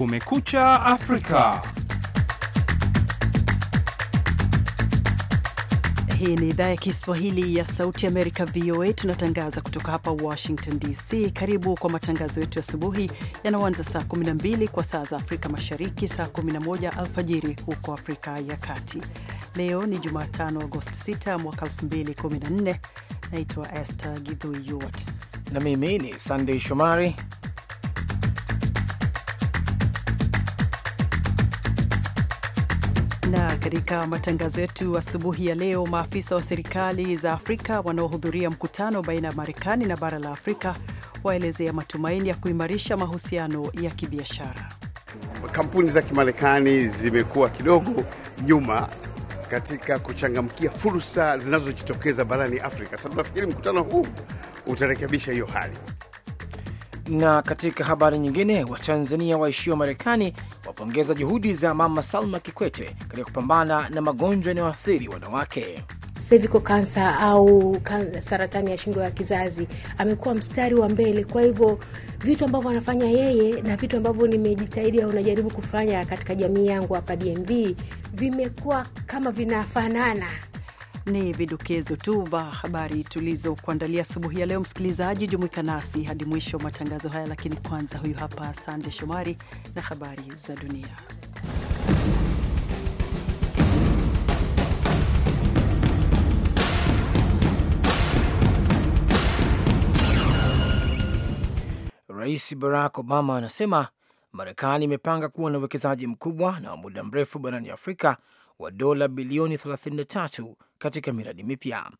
Kumekucha Afrika. Hii ni idhaa ya Kiswahili ya Sauti Amerika, VOA. Tunatangaza kutoka hapa Washington DC. Karibu kwa matangazo yetu ya asubuhi yanaoanza saa 12 kwa saa za Afrika Mashariki, saa 11 alfajiri huko Afrika ya Kati. Leo ni Jumatano, Agosti 6 mwaka 2014. Naitwa Esther Gidhui na mimi ni Sandey Shomari tena katika matangazo yetu asubuhi ya leo. Maafisa wa serikali za Afrika wanaohudhuria mkutano baina ya Marekani na bara la Afrika waelezea matumaini ya kuimarisha mahusiano ya kibiashara. Kampuni za Kimarekani zimekuwa kidogo nyuma katika kuchangamkia fursa zinazojitokeza barani Afrika. Sasa tunafikiri mkutano huu utarekebisha hiyo hali. Na katika habari nyingine, Watanzania waishio Marekani wapongeza juhudi za Mama Salma Kikwete katika kupambana na magonjwa yanayoathiri wanawake. Seviko kansa au saratani ya shingo ya kizazi amekuwa mstari wa mbele. Kwa hivyo vitu ambavyo anafanya yeye na vitu ambavyo nimejitahidi au najaribu kufanya katika jamii yangu hapa DMV vimekuwa kama vinafanana ni vidokezo tu vya habari tulizokuandalia asubuhi ya leo. Msikilizaji, jumuika nasi hadi mwisho wa matangazo haya, lakini kwanza, huyu hapa Sande Shomari na habari za dunia. Rais Barack Obama anasema Marekani imepanga kuwa na uwekezaji mkubwa na wa muda mrefu barani Afrika wa dola bilioni 33 katika miradi mipya.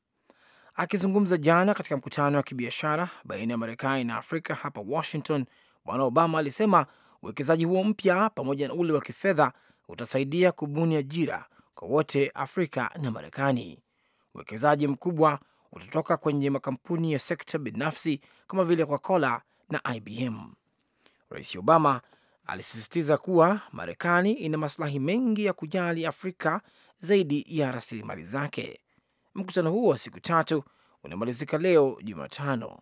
Akizungumza jana katika mkutano wa kibiashara baina ya Marekani na Afrika hapa Washington, Bwana Obama alisema uwekezaji huo mpya pamoja na ule wa kifedha utasaidia kubuni ajira kwa wote Afrika na Marekani. Uwekezaji mkubwa utatoka kwenye makampuni ya sekta binafsi kama vile Coca-Cola na IBM. Rais Obama alisisitiza kuwa Marekani ina masilahi mengi ya kujali Afrika zaidi ya rasilimali zake. Mkutano huo wa siku tatu unamalizika leo Jumatano.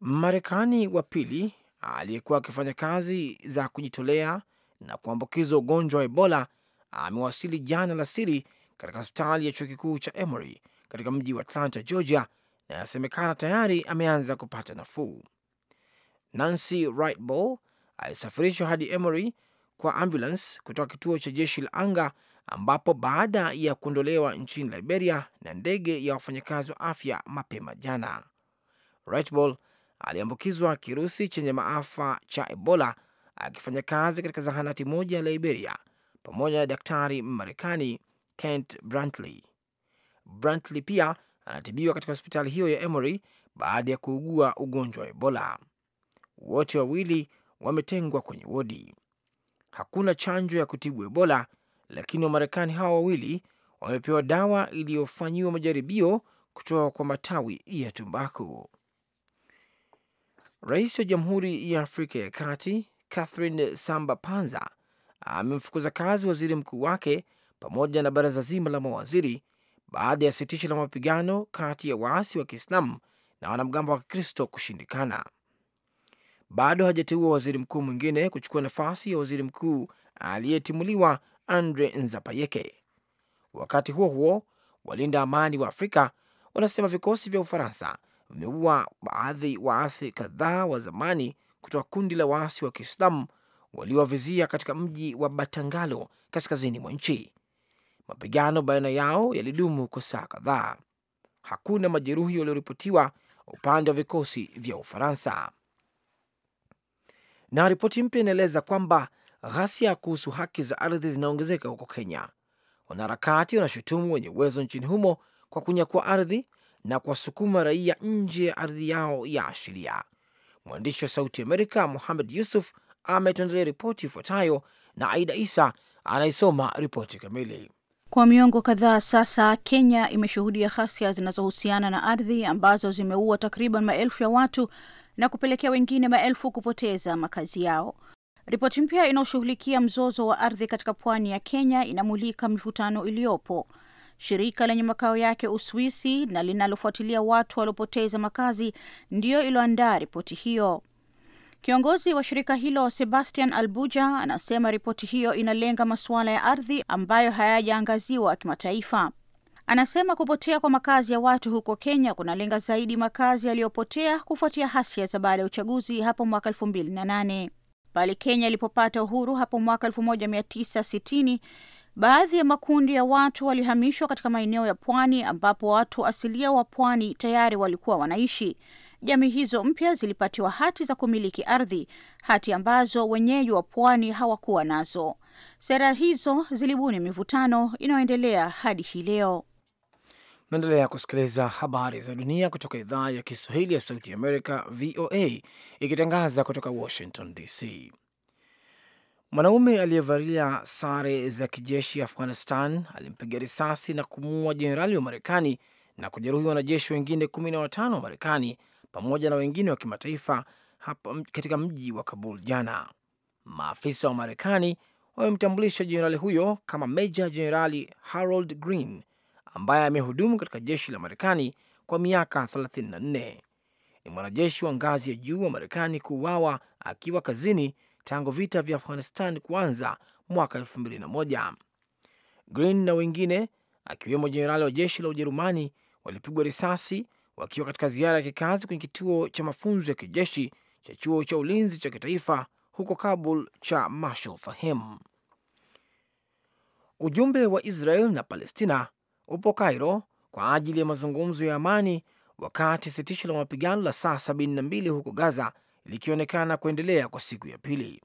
Marekani wa pili aliyekuwa akifanya kazi za kujitolea na kuambukizwa ugonjwa wa Ebola amewasili jana la siri katika hospitali ya chuo kikuu cha Emory katika mji wa Atlanta, Georgia, na anasemekana tayari ameanza kupata nafuu. Nancy Wright alisafirishwa hadi Emory kwa ambulance kutoka kituo cha jeshi la anga ambapo baada ya kuondolewa nchini Liberia na ndege ya wafanyakazi wa afya mapema jana, Rightball aliambukizwa kirusi chenye maafa cha Ebola akifanya kazi katika zahanati moja ya Liberia pamoja na daktari marekani Kent Brantley. Brantley pia anatibiwa katika hospitali hiyo ya Emory baada ya kuugua ugonjwa wa Ebola. Wote wawili wametengwa kwenye wodi. Hakuna chanjo ya kutibu Ebola, lakini Wamarekani hawa wawili wamepewa dawa iliyofanyiwa majaribio kutoka kwa matawi ya tumbaku. Rais wa Jamhuri ya Afrika ya Kati Catherine Samba Panza amemfukuza kazi waziri mkuu wake pamoja na baraza zima la mawaziri baada ya sitisho la mapigano kati ya waasi wa Kiislamu na wanamgambo wa Kikristo kushindikana bado hajateua waziri mkuu mwingine kuchukua nafasi ya waziri mkuu aliyetimuliwa Andre Nzapayeke. Wakati huo huo, walinda amani wa Afrika wanasema vikosi vya Ufaransa vimeua baadhi waasi kadhaa wa zamani kutoka kundi la waasi wa Kiislamu waliowavizia katika mji wa Batangalo kaskazini mwa nchi. Mapigano baina yao yalidumu kwa saa kadhaa. Hakuna majeruhi walioripotiwa upande wa vikosi vya Ufaransa. Na ripoti mpya inaeleza kwamba ghasia kuhusu haki za ardhi zinaongezeka huko Kenya. Wanaharakati wanashutumu wenye uwezo nchini humo kwa kunyakua ardhi na kuwasukuma raia nje ya ardhi yao ya asilia. Mwandishi wa Sauti Amerika Muhamed Yusuf ametuandalia ripoti ifuatayo, na Aida Isa anaisoma ripoti kamili. Kwa miongo kadhaa sasa, Kenya imeshuhudia ghasia zinazohusiana na ardhi ambazo zimeua takriban maelfu ya watu na kupelekea wengine maelfu kupoteza makazi yao. Ripoti mpya inayoshughulikia mzozo wa ardhi katika pwani ya Kenya inamulika mivutano iliyopo. Shirika lenye makao yake Uswisi na linalofuatilia watu waliopoteza makazi ndiyo iliyoandaa ripoti hiyo. Kiongozi wa shirika hilo Sebastian Albuja anasema ripoti hiyo inalenga masuala ya ardhi ambayo hayajaangaziwa kimataifa. Anasema kupotea kwa makazi ya watu huko Kenya kunalenga zaidi makazi yaliyopotea kufuatia hasia za baada ya uchaguzi hapo mwaka elfu mbili na nane pale Kenya ilipopata uhuru hapo mwaka elfu moja mia tisa sitini. Baadhi ya makundi ya watu walihamishwa katika maeneo ya pwani ambapo watu asilia wa pwani tayari walikuwa wanaishi. Jamii hizo mpya zilipatiwa hati za kumiliki ardhi, hati ambazo wenyeji wa pwani hawakuwa nazo. Sera hizo zilibuni mivutano inayoendelea hadi hii leo. Naendelea kusikiliza habari za dunia kutoka idhaa ya Kiswahili ya Sauti Amerika, VOA, ikitangaza kutoka Washington DC. Mwanaume aliyevalia sare za kijeshi Afghanistan alimpiga risasi na kumuua jenerali wa Marekani na kujeruhi wanajeshi wengine kumi na watano wa Marekani pamoja na wengine wa kimataifa hapa katika mji wa Kabul jana. Maafisa wa Marekani wamemtambulisha jenerali huyo kama Meja Jenerali Harold Green ambaye amehudumu katika jeshi la Marekani kwa miaka 34. Ni mwanajeshi wa ngazi ya juu wa Marekani kuuawa akiwa kazini tangu vita vya Afghanistan kuanza mwaka 2001. Green na wengine akiwemo jenerali wa jeshi la Ujerumani walipigwa risasi wakiwa katika ziara ya kikazi kwenye kituo cha mafunzo ya kijeshi cha chuo cha ulinzi cha kitaifa huko Kabul cha Marshal Fahim. Ujumbe wa Israel na Palestina upo Cairo kwa ajili ya mazungumzo ya amani, wakati sitisho la mapigano la saa 72 huko Gaza likionekana kuendelea kwa siku ya pili.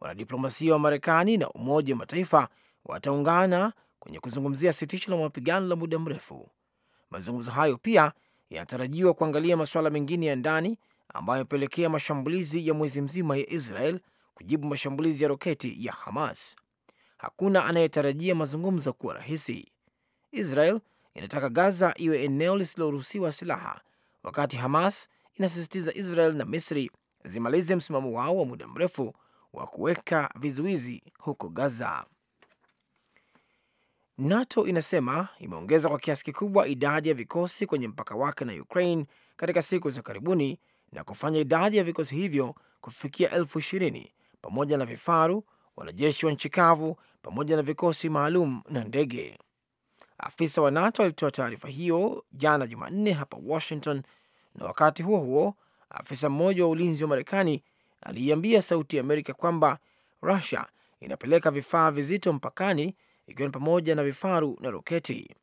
Wanadiplomasia wa Marekani na Umoja wa Mataifa wataungana kwenye kuzungumzia sitisho la mapigano la muda mrefu. Mazungumzo hayo pia yanatarajiwa kuangalia masuala mengine ya ndani ambayo yamepelekea mashambulizi ya mwezi mzima ya Israel kujibu mashambulizi ya roketi ya Hamas. Hakuna anayetarajia mazungumzo kuwa rahisi. Israel inataka Gaza iwe eneo lisiloruhusiwa silaha, wakati Hamas inasisitiza Israel na Misri zimalize msimamo wao wa muda mrefu wa kuweka vizuizi huko Gaza. NATO inasema imeongeza kwa kiasi kikubwa idadi ya vikosi kwenye mpaka wake na Ukraine katika siku za karibuni na kufanya idadi ya vikosi hivyo kufikia elfu ishirini pamoja na vifaru, wanajeshi wa nchi kavu pamoja na vikosi maalum na ndege. Afisa wa NATO alitoa taarifa hiyo jana Jumanne hapa Washington, na wakati huo huo afisa mmoja wa ulinzi wa Marekani aliiambia Sauti ya Amerika kwamba Rusia inapeleka vifaa vizito mpakani, ikiwa ni pamoja na vifaru na roketi.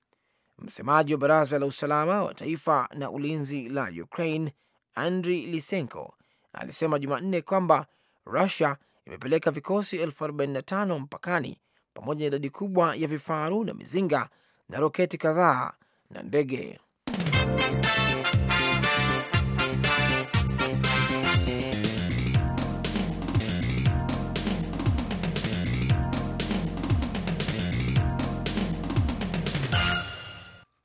Msemaji wa baraza la usalama wa taifa na ulinzi la Ukraine, Andri Lisenko, alisema Jumanne kwamba Rusia imepeleka vikosi elfu mpakani pamoja na idadi kubwa ya vifaru na mizinga na roketi kadhaa na ndege.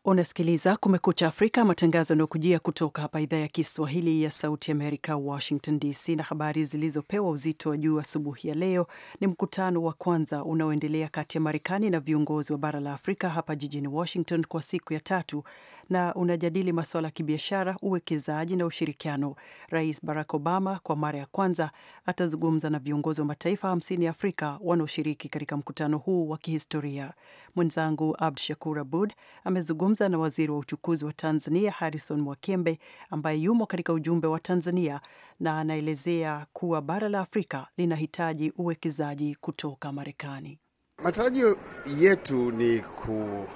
Unasikiliza Kumekucha Afrika, matangazo yanayokujia kutoka hapa idhaa ya Kiswahili ya Sauti Amerika, Washington DC. Na habari zilizopewa uzito wa juu asubuhi ya leo ni mkutano wa kwanza unaoendelea kati ya Marekani na viongozi wa bara la Afrika hapa jijini Washington kwa siku ya tatu, na unajadili masuala ya kibiashara, uwekezaji na ushirikiano. Rais Barack Obama kwa mara ya kwanza atazungumza na viongozi wa mataifa 50 ya Afrika wanaoshiriki katika mkutano huu wa kihistoria. Mwenzangu Abd Shakur Abud amezungumza na waziri wa uchukuzi wa Tanzania Harrison Mwakembe ambaye yumo katika ujumbe wa Tanzania na anaelezea kuwa bara la Afrika linahitaji uwekezaji kutoka Marekani. Matarajio yetu ni ku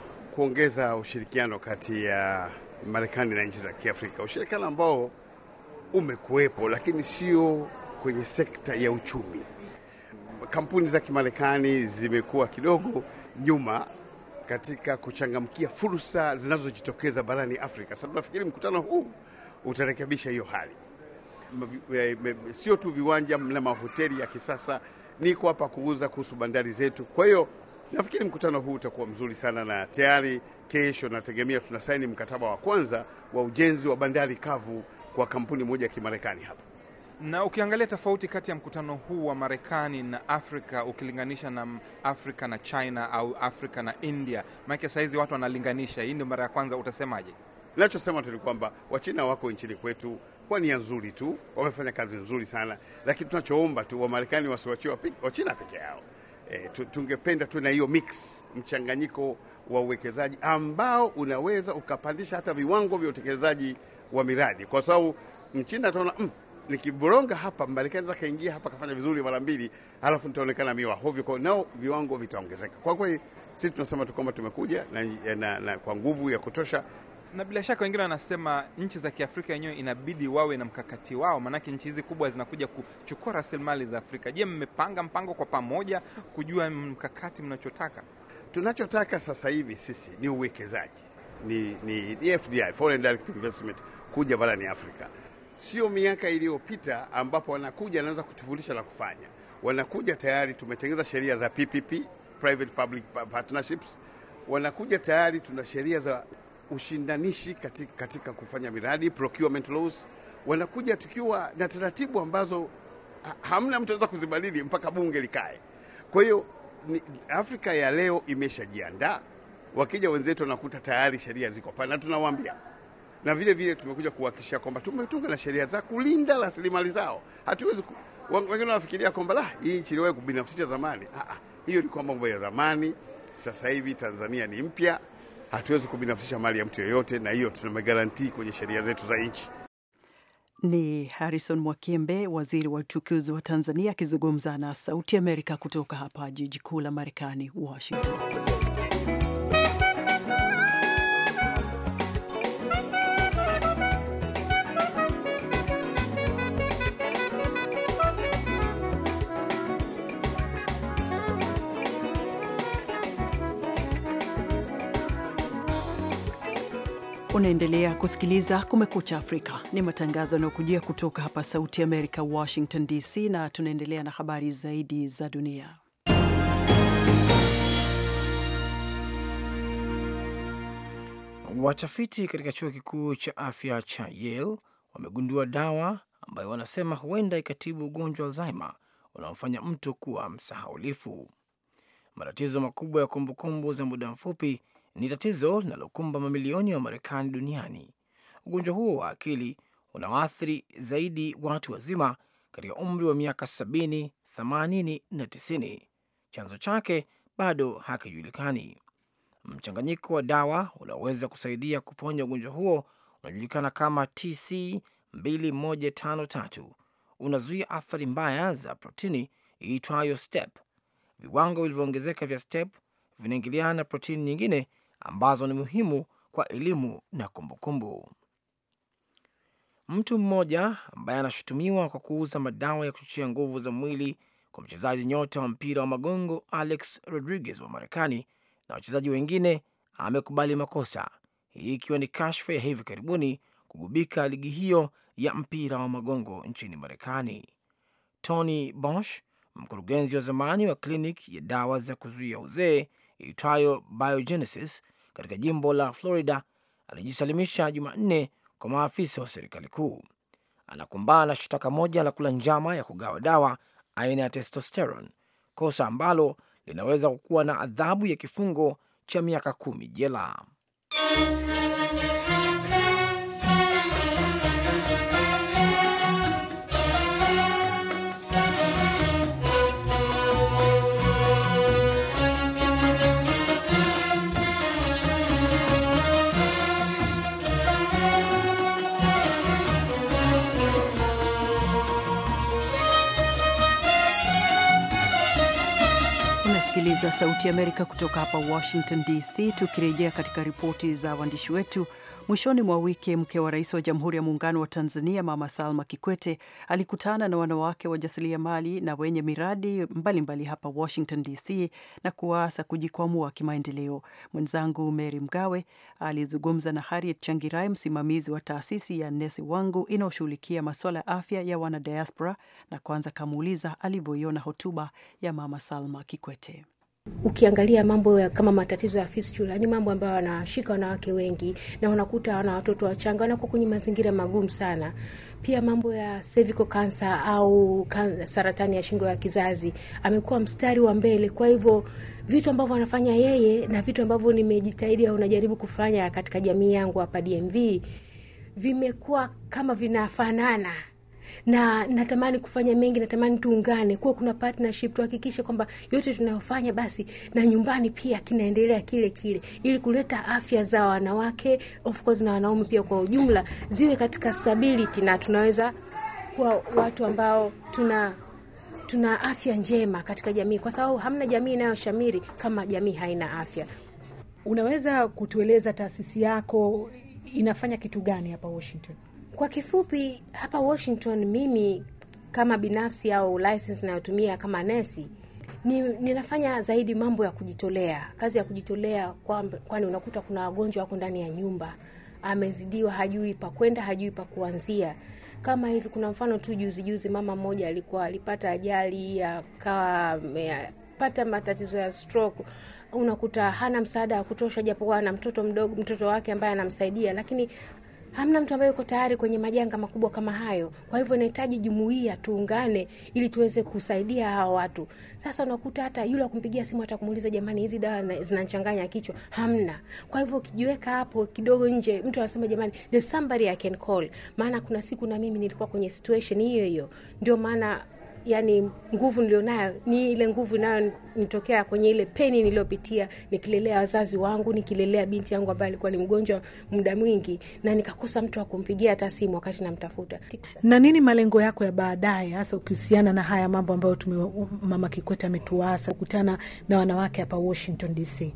kuongeza ushirikiano kati ya Marekani na nchi za Kiafrika, ushirikiano ambao umekuwepo, lakini sio kwenye sekta ya uchumi. Kampuni za Kimarekani zimekuwa kidogo nyuma katika kuchangamkia fursa zinazojitokeza barani Afrika. Sasa tunafikiri mkutano huu utarekebisha hiyo hali, eh, sio tu viwanja na mahoteli ya kisasa, niko hapa kuuza kuhusu bandari zetu. Kwa hiyo Nafikiri mkutano huu utakuwa mzuri sana, na tayari kesho nategemea tunasaini mkataba wa kwanza wa ujenzi wa bandari kavu kwa kampuni moja ya Kimarekani hapa na ukiangalia tofauti kati ya mkutano huu wa Marekani na Afrika ukilinganisha na Afrika na China au Afrika na India, maanake sahizi watu wanalinganisha. Hii ndio mara ya kwanza, utasemaje? Nachosema tu ni kwamba Wachina wako nchini kwetu kwa nia nzuri tu, wamefanya kazi nzuri sana, lakini tunachoomba tu Wamarekani wasiwachiwa Wachina peke yao. E, tungependa tu na hiyo mix mchanganyiko wa uwekezaji ambao unaweza ukapandisha hata viwango vya utekelezaji wa miradi, kwa sababu mchina ataona mm, nikiboronga hapa Marekani za kaingia hapa kafanya vizuri mara mbili, halafu nitaonekana miwa hovyo, kwa nao viwango vitaongezeka. Kwa kweli sisi tunasema tu kwamba tumekuja na, na, na, kwa nguvu ya kutosha na bila shaka wengine wanasema nchi za Kiafrika yenyewe inabidi wawe na mkakati wao, maanake nchi hizi kubwa zinakuja kuchukua rasilimali za Afrika. Je, mmepanga mpango kwa pamoja kujua mkakati mnachotaka? Tunachotaka sasa hivi sisi ni uwekezaji, ni, ni FDI, foreign direct investment, kuja barani Afrika. Sio miaka iliyopita ambapo wanakuja wanaweza kutufundisha la kufanya. Wanakuja tayari tumetengeza sheria za PPP, private public partnerships. Wanakuja tayari tuna sheria za ushindanishi katika, katika kufanya miradi procurement laws, wanakuja tukiwa na taratibu ambazo hamna mtu anaweza kuzibadili mpaka bunge likae. Kwa hiyo Afrika ya leo imeshajiandaa. Wakija wenzetu wanakuta tayari sheria ziko pale, na tunawaambia na vile vile tumekuja kuhakikisha kwamba tumetunga na sheria za kulinda rasilimali zao. Hatuwezi wengine wanafikiria kwamba la hii nchi iliwahi kubinafsisha zamani. Ah, ah, hiyo ilikuwa mambo ya zamani. Sasa hivi Tanzania ni mpya, hatuwezi kubinafsisha mali ya mtu yoyote, na hiyo tuna magaranti kwenye sheria zetu za nchi. Ni Harrison Mwakembe, waziri wa uchukuzi wa Tanzania, akizungumza na Sauti Amerika kutoka hapa jiji kuu la Marekani, Washington. Unaendelea kusikiliza Kumekucha Afrika, ni matangazo yanayokujia kutoka hapa Sauti ya Amerika, Washington DC, na tunaendelea na habari zaidi za dunia. Watafiti katika chuo kikuu cha afya cha Yale wamegundua dawa ambayo wanasema huenda ikatibu ugonjwa wa Alzheimer unaofanya mtu kuwa msahaulifu. Matatizo makubwa ya kumbukumbu za muda mfupi ni tatizo linalokumba mamilioni ya Wamarekani duniani. Ugonjwa huo wa akili unawaathiri zaidi watu wazima katika umri wa miaka 70, 80 na 90. Chanzo chake bado hakijulikani. Mchanganyiko wa dawa unaoweza kusaidia kuponya ugonjwa huo unajulikana kama TC 2153 unazuia athari mbaya za protini iitwayo STEP. Viwango vilivyoongezeka vya STEP vinaingiliana na protini nyingine ambazo ni muhimu kwa elimu na kumbukumbu kumbu. Mtu mmoja ambaye anashutumiwa kwa kuuza madawa ya kuchochea nguvu za mwili kwa mchezaji nyota wa mpira wa magongo Alex Rodriguez wa Marekani na wachezaji wengine amekubali makosa, hii ikiwa ni kashfa ya hivi karibuni kugubika ligi hiyo ya mpira wa magongo nchini Marekani. Tony Bosch, mkurugenzi wa zamani wa kliniki ya dawa za kuzuia uzee iitwayo Biogenesis katika jimbo la Florida alijisalimisha Jumanne kwa maafisa wa serikali kuu. Anakumbana na shtaka moja la kula njama ya kugawa dawa aina ya testosteron, kosa ambalo linaweza kuwa na adhabu ya kifungo cha miaka kumi jela. kusikiliza Sauti ya Amerika kutoka hapa Washington DC. Tukirejea katika ripoti za waandishi wetu, mwishoni mwa wiki, mke wa rais wa Jamhuri ya Muungano wa Tanzania Mama Salma Kikwete alikutana na wanawake wajasiriamali na wenye miradi mbalimbali mbali hapa Washington DC na kuwaasa kujikwamua kimaendeleo. Mwenzangu Mary Mgawe alizungumza na Harriet Changirai, msimamizi wa taasisi ya Nesi Wangu inayoshughulikia masuala ya afya ya wanadiaspora, na kwanza kamuuliza alivyoiona hotuba ya Mama Salma Kikwete. Ukiangalia mambo ya kama matatizo ya fistula ni mambo ambayo wanashika wanawake wengi, na unakuta wana watoto wachanga wanakuwa kwenye mazingira magumu sana. Pia mambo ya cervical cancer au kan saratani ya shingo ya kizazi amekuwa mstari wa mbele. Kwa hivyo vitu ambavyo anafanya yeye na vitu ambavyo nimejitahidi au najaribu kufanya katika jamii yangu hapa DMV vimekuwa kama vinafanana na natamani kufanya mengi, natamani tuungane, kuwa kuna partnership, tuhakikishe kwamba yote tunayofanya basi na nyumbani pia kinaendelea kile kile, ili kuleta afya za wanawake of course na wanaume pia kwa ujumla ziwe katika stability, na tunaweza kuwa watu ambao tuna tuna afya njema katika jamii, kwa sababu hamna jamii inayoshamiri kama jamii haina afya. Unaweza kutueleza taasisi yako inafanya kitu gani hapa Washington? Kwa kifupi, hapa Washington mimi kama binafsi au license inayotumia kama nesi ni, ninafanya zaidi mambo ya kujitolea, kazi ya kujitolea, kwani kwa unakuta kuna wagonjwa wako ndani ya nyumba, amezidiwa, hajui pakwenda hajui pa kuanzia. Kama hivi, kuna mfano tu juzijuzi juzi, mama mmoja alikuwa alipata ajali, akawa pata matatizo ya stroke. Unakuta hana msaada wa kutosha, japokuwa na mtoto mdogo, mtoto wake ambaye anamsaidia, lakini hamna mtu ambaye yuko tayari kwenye majanga makubwa kama hayo. Kwa hivyo inahitaji jumuiya tuungane, ili tuweze kusaidia hawa watu. Sasa unakuta hata yule akumpigia simu hata kumuuliza, jamani, hizi dawa zinachanganya kichwa, hamna. Kwa hivyo ukijiweka hapo kidogo nje, mtu anasema jamani, there's somebody I can call. Maana kuna siku na mimi nilikuwa kwenye situation hiyo hiyo, ndio maana yani nguvu nilionayo ni ile nguvu inayonitokea kwenye ile peni niliyopitia nikilelea wazazi wangu nikilelea binti yangu ambaye alikuwa ni mgonjwa muda mwingi na nikakosa mtu wa kumpigia hata simu wakati namtafuta na nini malengo yako ya baadaye hasa ukihusiana na haya mambo ambayo tume mama kikwete ametuasa kukutana na wanawake hapa washington dc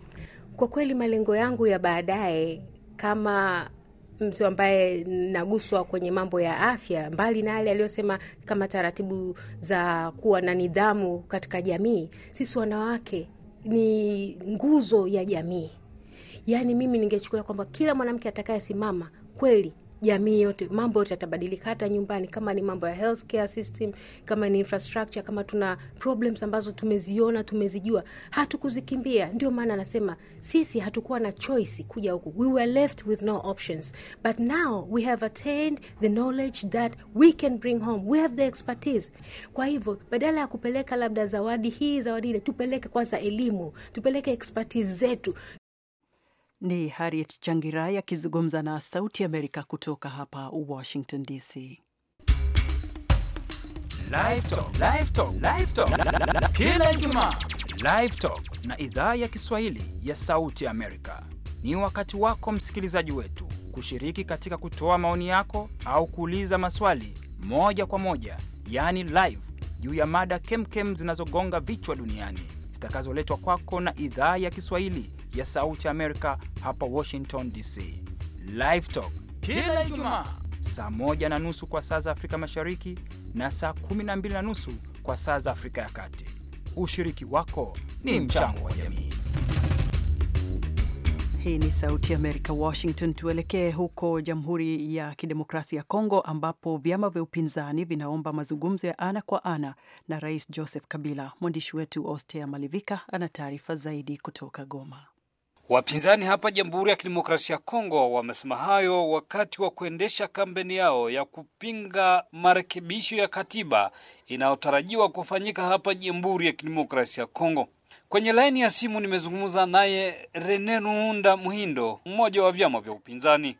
kwa kweli malengo yangu ya baadaye kama mtu ambaye naguswa kwenye mambo ya afya, mbali na yale aliyosema kama taratibu za kuwa na nidhamu katika jamii, sisi wanawake ni nguzo ya jamii. Yaani mimi ningechukulia kwamba kila mwanamke atakayesimama kweli jamii yote, mambo yote yatabadilika, hata nyumbani, kama ni mambo ya healthcare system, kama ni infrastructure, kama tuna problems ambazo tumeziona, tumezijua, hatukuzikimbia. Ndio maana anasema sisi hatukuwa na choice kuja huku, we were left with no options, but now we have attained the knowledge that we can bring home, we have the expertise. Kwa hivyo badala ya kupeleka labda zawadi hii, zawadi ile, tupeleke kwanza elimu, tupeleke expertise zetu, ni Harriet Changirai akizungumza na Sauti Amerika kutoka hapa Washington DC. Kila Ijumaa na idhaa ya Kiswahili ya Sauti Amerika ni wakati wako msikilizaji wetu kushiriki katika kutoa maoni yako au kuuliza maswali moja kwa moja, yaani live, juu ya mada kemkem zinazogonga vichwa duniani zitakazoletwa kwako na idhaa ya Kiswahili ya Sauti Amerika hapa Washington DC. Live Talk kila Ijumaa saa moja na nusu kwa saa za Afrika Mashariki na saa kumi na mbili na nusu kwa saa za Afrika ya Kati. Ushiriki wako ni mchango wa jamii. Hii ni Sauti ya Amerika, Washington. Tuelekee huko Jamhuri ya Kidemokrasia ya Kongo, ambapo vyama vya upinzani vinaomba mazungumzo ya ana kwa ana na Rais Joseph Kabila. Mwandishi wetu Ostea Malivika ana taarifa zaidi kutoka Goma. Wapinzani hapa Jamhuri ya Kidemokrasia ya Kongo wamesema hayo wakati wa kuendesha kampeni yao ya kupinga marekebisho ya katiba inayotarajiwa kufanyika hapa Jamhuri ya Kidemokrasia ya Kongo. Kwenye laini ya simu nimezungumza naye Rene Nuunda Muhindo, mmoja wa vyama vya upinzani.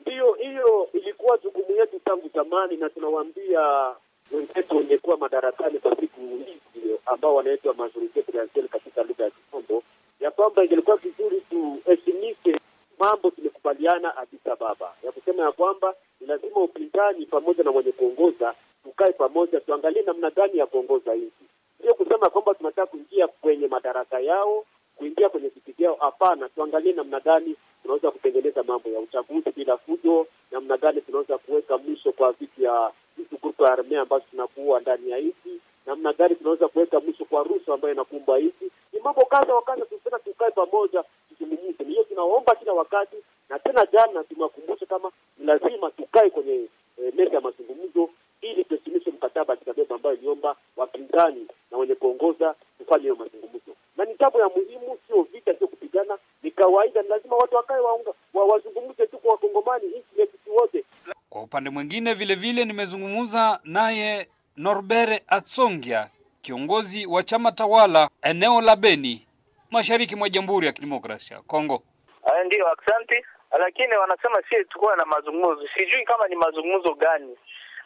Ndiyo, hiyo ilikuwa jukumu yetu tangu zamani, na tunawaambia wenzetu wenye kuwa madarakani kwa siku hizi ambao wanaitwa majorite presidentielle katika lugha ya Kikombo ya kwamba ingelikuwa vizuri tuheshimike mambo tumekubaliana Addis Ababa ya kusema ya kwamba ni lazima upinzani pamoja na wenye kuongoza tukae pamoja, tuangalie namna gani ya kuongoza nchi, sio kusema kwamba tunataka kuingia kwenye madaraka yao, kuingia kwenye viti vyao. Hapana, tuangalie namna gani tunaweza kutengeneza mambo ya uchaguzi bila fujo, namna gani tunaweza kuweka mwisho kwa vitu ya vitu grupu ya armea ambazo tunakuwa ndani ya nchi namna gani tunaweza kuweka mwisho kwa rushwa ambayo inakumba nchi. Ni mambo kadha kadha, tunataka tukae pamoja tuzungumze. Hiyo tunaomba kila wakati, na tena jana tumewakumbusha kama ni lazima tukae kwenye e, meza ya mazungumzo ili tuheshimishe mkataba Kikageuba ambayo iliomba wapinzani na wenye kuongoza tufanye hiyo mazungumzo, na ni jambo ya muhimu, sio vita, sio kupigana, ni kawaida. Ni lazima watu wakae wa, wazungumze tu kwa Wakongomani, nchi yetu wote. Kwa upande mwingine, vile vile nimezungumza naye Norbere Atsongia, kiongozi wa chama tawala eneo la Beni, mashariki mwa Jamhuri ya Kidemokrasia ya Kongo. Ah, ndio, asante, lakini wanasema si tukuwa na mazungumzo, sijui kama ni mazungumzo gani.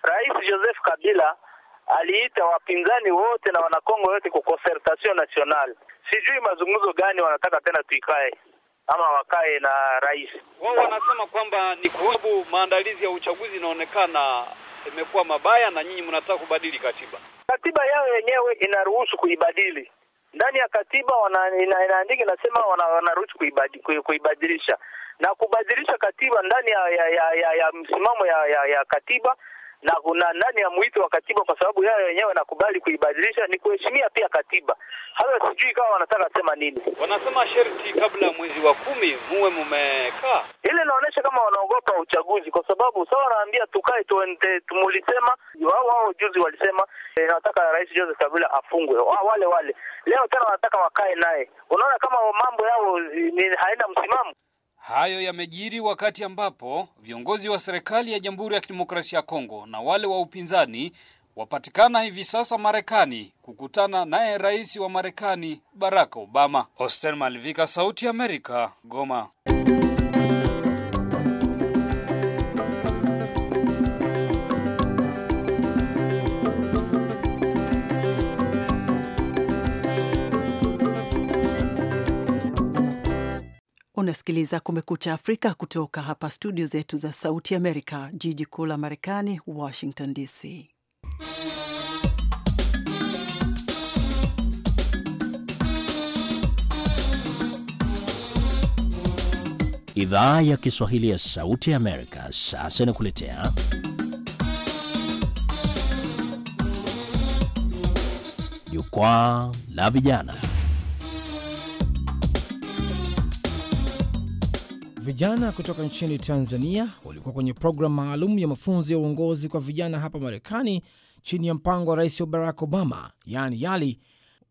Rais Joseph Kabila aliita wapinzani wote na wanakongo wote kwa concertation national. Sijui mazungumzo gani wanataka tena tuikae ama wakae na rais wao. Wanasema kwamba ni kwa sababu maandalizi ya uchaguzi inaonekana imekuwa mabaya na nyinyi mnataka kubadili katiba. Katiba yao yenyewe inaruhusu kuibadili ndani ya katiba wana, ina, inaandika inasema wanaruhusu kuibadilisha kuibadilisha na kubadilisha katiba ndani ya ya, ya, ya, ya msimamo ya, ya, ya katiba na kuna ndani ya mwito wa katiba, kwa sababu yao wenyewe wanakubali kuibadilisha, ni kuheshimia pia katiba. hayo sijui kawa wanataka sema nini, wanasema sherti kabla mwezi wa kumi muwe mumekaa. Ile inaonyesha kama wanaogopa uchaguzi, kwa sababu sawa, wanaambia tukae tuende, tumulisema wao wao, juzi walisema wanataka eh, nataka Rais Joseph Kabila afungwe, wale wale leo tena wanataka wakae naye. Unaona kama mambo yao eh, ni haina msimamo. Hayo yamejiri wakati ambapo viongozi wa serikali ya Jamhuri ya Kidemokrasia ya Kongo na wale wa upinzani wapatikana hivi sasa Marekani kukutana naye rais wa Marekani Barack Obama. Oster Malivika, Sauti ya Amerika, Goma. Unasikiliza Kumekucha Afrika kutoka hapa studio zetu za Sauti Amerika, jiji kuu la Marekani, Washington DC. Idhaa ya Kiswahili ya Sauti Amerika sasa inakuletea jukwaa la vijana. Vijana kutoka nchini Tanzania walikuwa kwenye programu maalum ya mafunzo ya uongozi kwa vijana hapa Marekani chini ya mpango wa Rais wa Barack Obama, yaani YALI.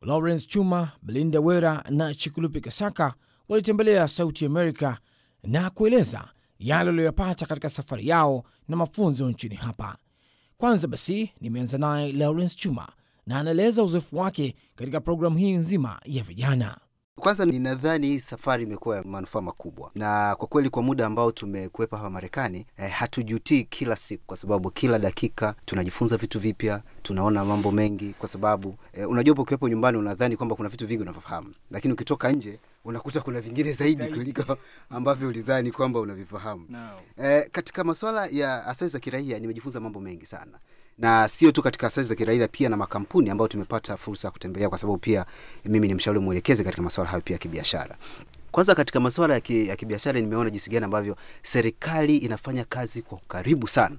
Lawrence Chuma, Belinda Wera na Chikulupi Kasaka walitembelea Sauti Amerika na kueleza yale walioyapata katika safari yao na mafunzo nchini hapa. Kwanza basi, nimeanza naye Lawrence Chuma na anaeleza uzoefu wake katika programu hii nzima ya vijana. Kwanza ninadhani hii safari imekuwa ya manufaa makubwa, na kwa kweli, kwa muda ambao tumekuwepa hapa Marekani eh, hatujutii kila siku, kwa sababu kila dakika tunajifunza vitu vipya, tunaona mambo mengi, kwa sababu eh, unajua, ukiwepo nyumbani unadhani kwamba kuna vitu vingi unavyofahamu, lakini ukitoka nje unakuta kuna vingine zaidi kuliko ambavyo ulidhani kwamba unavifahamu. No. Eh, katika masuala ya asasi za kiraia nimejifunza mambo mengi sana na sio tu katika asasi za kiraia, pia na makampuni ambayo tumepata fursa ya kutembelea, kwa sababu pia mimi ni mshauri mwelekezi katika masuala hayo pia ya kibiashara. Kwanza katika masuala ya kibiashara, nimeona jinsi gani ambavyo serikali inafanya kazi kwa karibu sana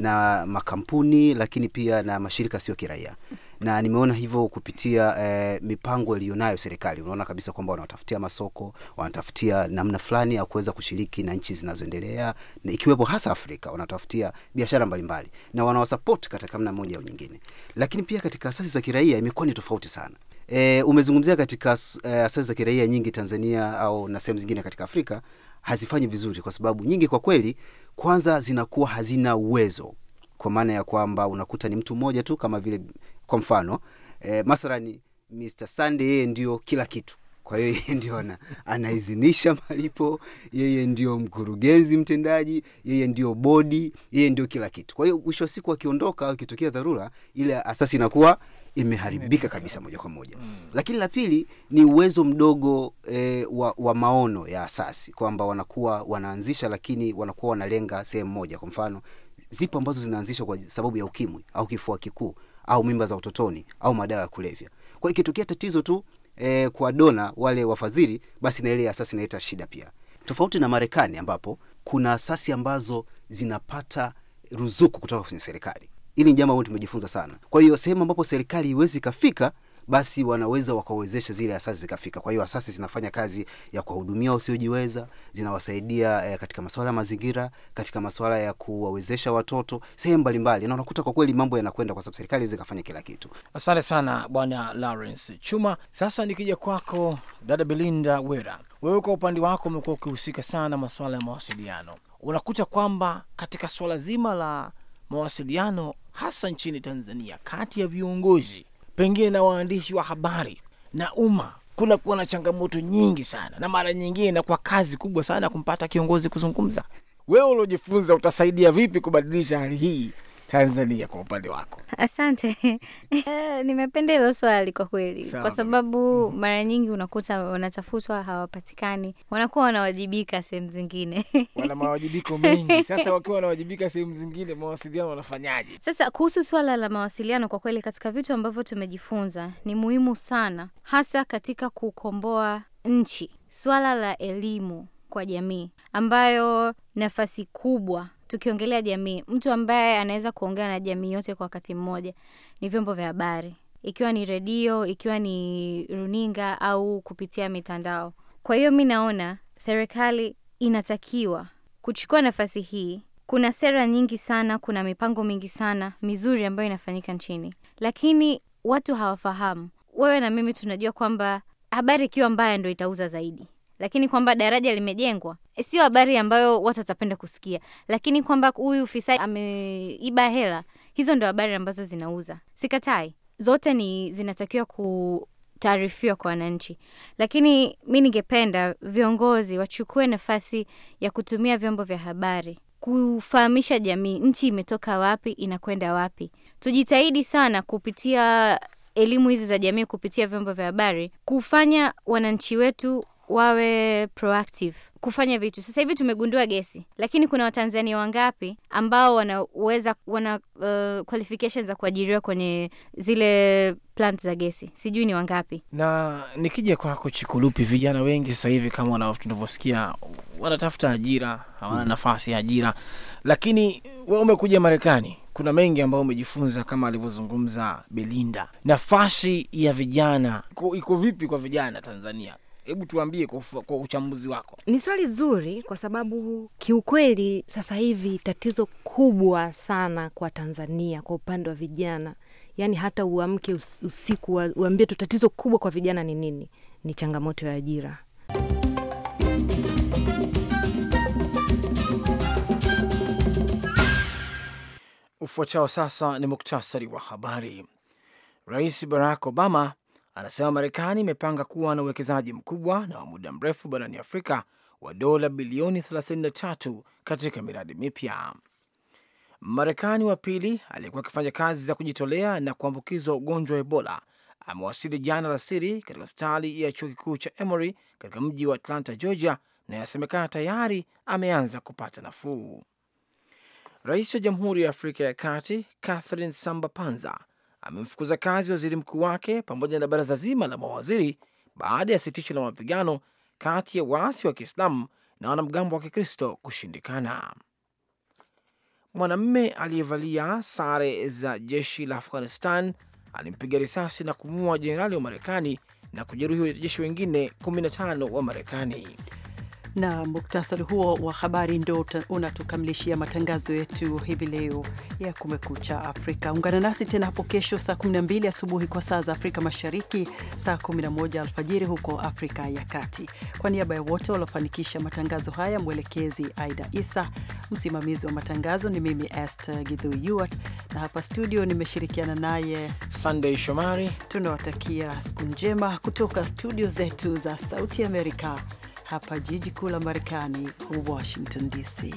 na makampuni, lakini pia na mashirika sio kiraia na nimeona hivyo kupitia eh, mipango iliyonayo serikali. Unaona kabisa kwamba wanatafutia masoko, wanatafutia namna fulani ya kuweza kushiriki na nchi zinazoendelea na ikiwepo hasa Afrika, wanatafutia biashara mbalimbali na wanawasupport katika namna moja au nyingine. Lakini pia katika asasi za kiraia imekuwa ni tofauti sana. E, umezungumzia katika e, asasi za kiraia nyingi Tanzania au na sehemu zingine katika Afrika hazifanyi vizuri kwa sababu nyingi kwa kweli, kwanza zinakuwa hazina uwezo, kwa maana ya kwamba unakuta ni mtu mmoja tu kama vile kwa mfano e, mathalani Mr. Sunday yeye ndio kila kitu kwa hiyo yeye ndio ana, anaidhinisha malipo, yeye ndio mkurugenzi mtendaji, yeye ndio bodi, yeye ndio kila kitu. Kwa hiyo mwisho wa siku akiondoka au ikitokea dharura, ile asasi inakuwa imeharibika kabisa moja kwa moja. Mm. Lakini la pili ni uwezo mdogo e, wa, wa maono ya asasi kwamba wanakuwa wanaanzisha, lakini wanakuwa wanalenga sehemu moja. Kwa mfano zipo ambazo zinaanzishwa kwa sababu ya ukimwi au kifua kikuu au mimba za utotoni au madawa ya kulevya. Kwa hiyo ikitokea tatizo tu e, kwa dona wale wafadhili, basi na ile asasi inaleta shida pia, tofauti na Marekani ambapo kuna asasi ambazo zinapata ruzuku kutoka kwenye serikali. Hili ni jambo ambalo tumejifunza sana. Kwa hiyo sehemu ambapo serikali iwezi ikafika basi wanaweza wakawezesha zile asasi zikafika. Kwa hiyo asasi zinafanya kazi ya kuwahudumia wasiojiweza, zinawasaidia eh, katika masuala ya mazingira, katika masuala ya kuwawezesha watoto sehemu mbalimbali, na unakuta kwa kweli mambo yanakwenda, kwa sababu serikali iweze kufanya kila kitu. Asante sana Bwana Lawrence Chuma. Sasa nikija kwako dada Belinda Wera, wewe kwa upande wako umekuwa ukihusika sana masuala ya mawasiliano, unakuta kwamba katika swala zima la mawasiliano hasa nchini Tanzania kati ya viongozi pengine na waandishi wa habari na umma kuna kuwa na changamoto nyingi sana, na mara nyingine inakuwa kazi kubwa sana kumpata kiongozi kuzungumza. Wewe uliojifunza utasaidia vipi kubadilisha hali hii Tanzania kwa upande wako? Asante. Eh, nimependa hilo swali kwa kweli, kwa sababu mm -hmm. mara nyingi unakuta wanatafutwa hawapatikani, wanakuwa wanawajibika sehemu zingine wana mawajibiko mengi. Sasa wakiwa wanawajibika sehemu zingine, mawasiliano wanafanyaje? Sasa kuhusu swala la mawasiliano, kwa kweli katika vitu ambavyo tumejifunza ni muhimu sana, hasa katika kukomboa nchi, swala la elimu kwa jamii ambayo nafasi kubwa tukiongelea jamii, mtu ambaye anaweza kuongea na jamii yote kwa wakati mmoja ni vyombo vya habari, ikiwa ni redio, ikiwa ni runinga au kupitia mitandao. Kwa hiyo mi naona serikali inatakiwa kuchukua nafasi hii. Kuna sera nyingi sana, kuna mipango mingi sana mizuri ambayo inafanyika nchini, lakini watu hawafahamu. Wewe na mimi tunajua kwamba habari ikiwa mbaya ndo itauza zaidi lakini kwamba daraja limejengwa sio habari ambayo watu watapenda kusikia, lakini kwamba huyu ufisadi ameiba hela, hizo ndo habari ambazo zinauza. Sikatai, zote ni zinatakiwa kutaarifiwa kwa wananchi, lakini mi ningependa viongozi wachukue nafasi ya kutumia vyombo vya habari kufahamisha jamii, nchi imetoka wapi, inakwenda wapi. Tujitahidi sana kupitia elimu hizi za jamii, kupitia vyombo vya habari, kufanya wananchi wetu wawe proactive kufanya vitu. Sasa hivi tumegundua gesi, lakini kuna Watanzania wangapi ambao wanaweza wana uh, za kuajiriwa kwenye zile plant za gesi? Sijui ni wangapi. Na nikija kwako Chikulupi, vijana wengi sasa hivi kama tunavyosikia wanatafuta ajira, hawana hmm. nafasi ya ajira, lakini we umekuja Marekani, kuna mengi ambayo umejifunza kama alivyozungumza Belinda. Nafasi ya vijana iko vipi kwa vijana Tanzania? Hebu tuambie kwa uchambuzi wako. Ni swali zuri, kwa sababu kiukweli sasa hivi tatizo kubwa sana kwa Tanzania kwa upande wa vijana, yaani hata uamke usiku uambie tu, tatizo kubwa kwa vijana ni nini? Ni changamoto ya ajira. Ufuatao sasa ni muktasari wa habari. Rais Barack Obama anasema Marekani imepanga kuwa na uwekezaji mkubwa na wa muda mrefu barani Afrika wa dola bilioni 33 katika miradi mipya. Marekani wa pili aliyekuwa akifanya kazi za kujitolea na kuambukizwa ugonjwa wa Ebola amewasili jana alasiri katika hospitali ya chuo kikuu cha Emory katika mji wa Atlanta, Georgia, na inasemekana tayari ameanza kupata nafuu. Rais wa Jamhuri ya Afrika ya Kati Catherine Samba Panza amemfukuza kazi waziri mkuu wake pamoja na baraza zima la mawaziri baada ya sitisho la mapigano kati ya waasi wa Kiislamu na wanamgambo wa Kikristo kushindikana. Mwanamme aliyevalia sare za jeshi la Afghanistan alimpiga risasi na kumuua jenerali wa Marekani na kujeruhi wanajeshi wengine 15 wa Marekani. Na muktasari huo wa habari ndo unatukamilishia matangazo yetu hivi leo ya Kumekucha Afrika. Ungana nasi tena hapo kesho saa 12 asubuhi kwa saa za Afrika Mashariki, saa 11 alfajiri huko Afrika ya Kati. Kwa niaba ya wote waliofanikisha matangazo haya, mwelekezi Aida Isa, msimamizi wa matangazo ni mimi Esther Gidhui na hapa studio nimeshirikiana naye Sunday Shomari. Tunawatakia siku njema kutoka studio zetu za Sauti Amerika hapa jiji kuu la Marekani, Washington DC.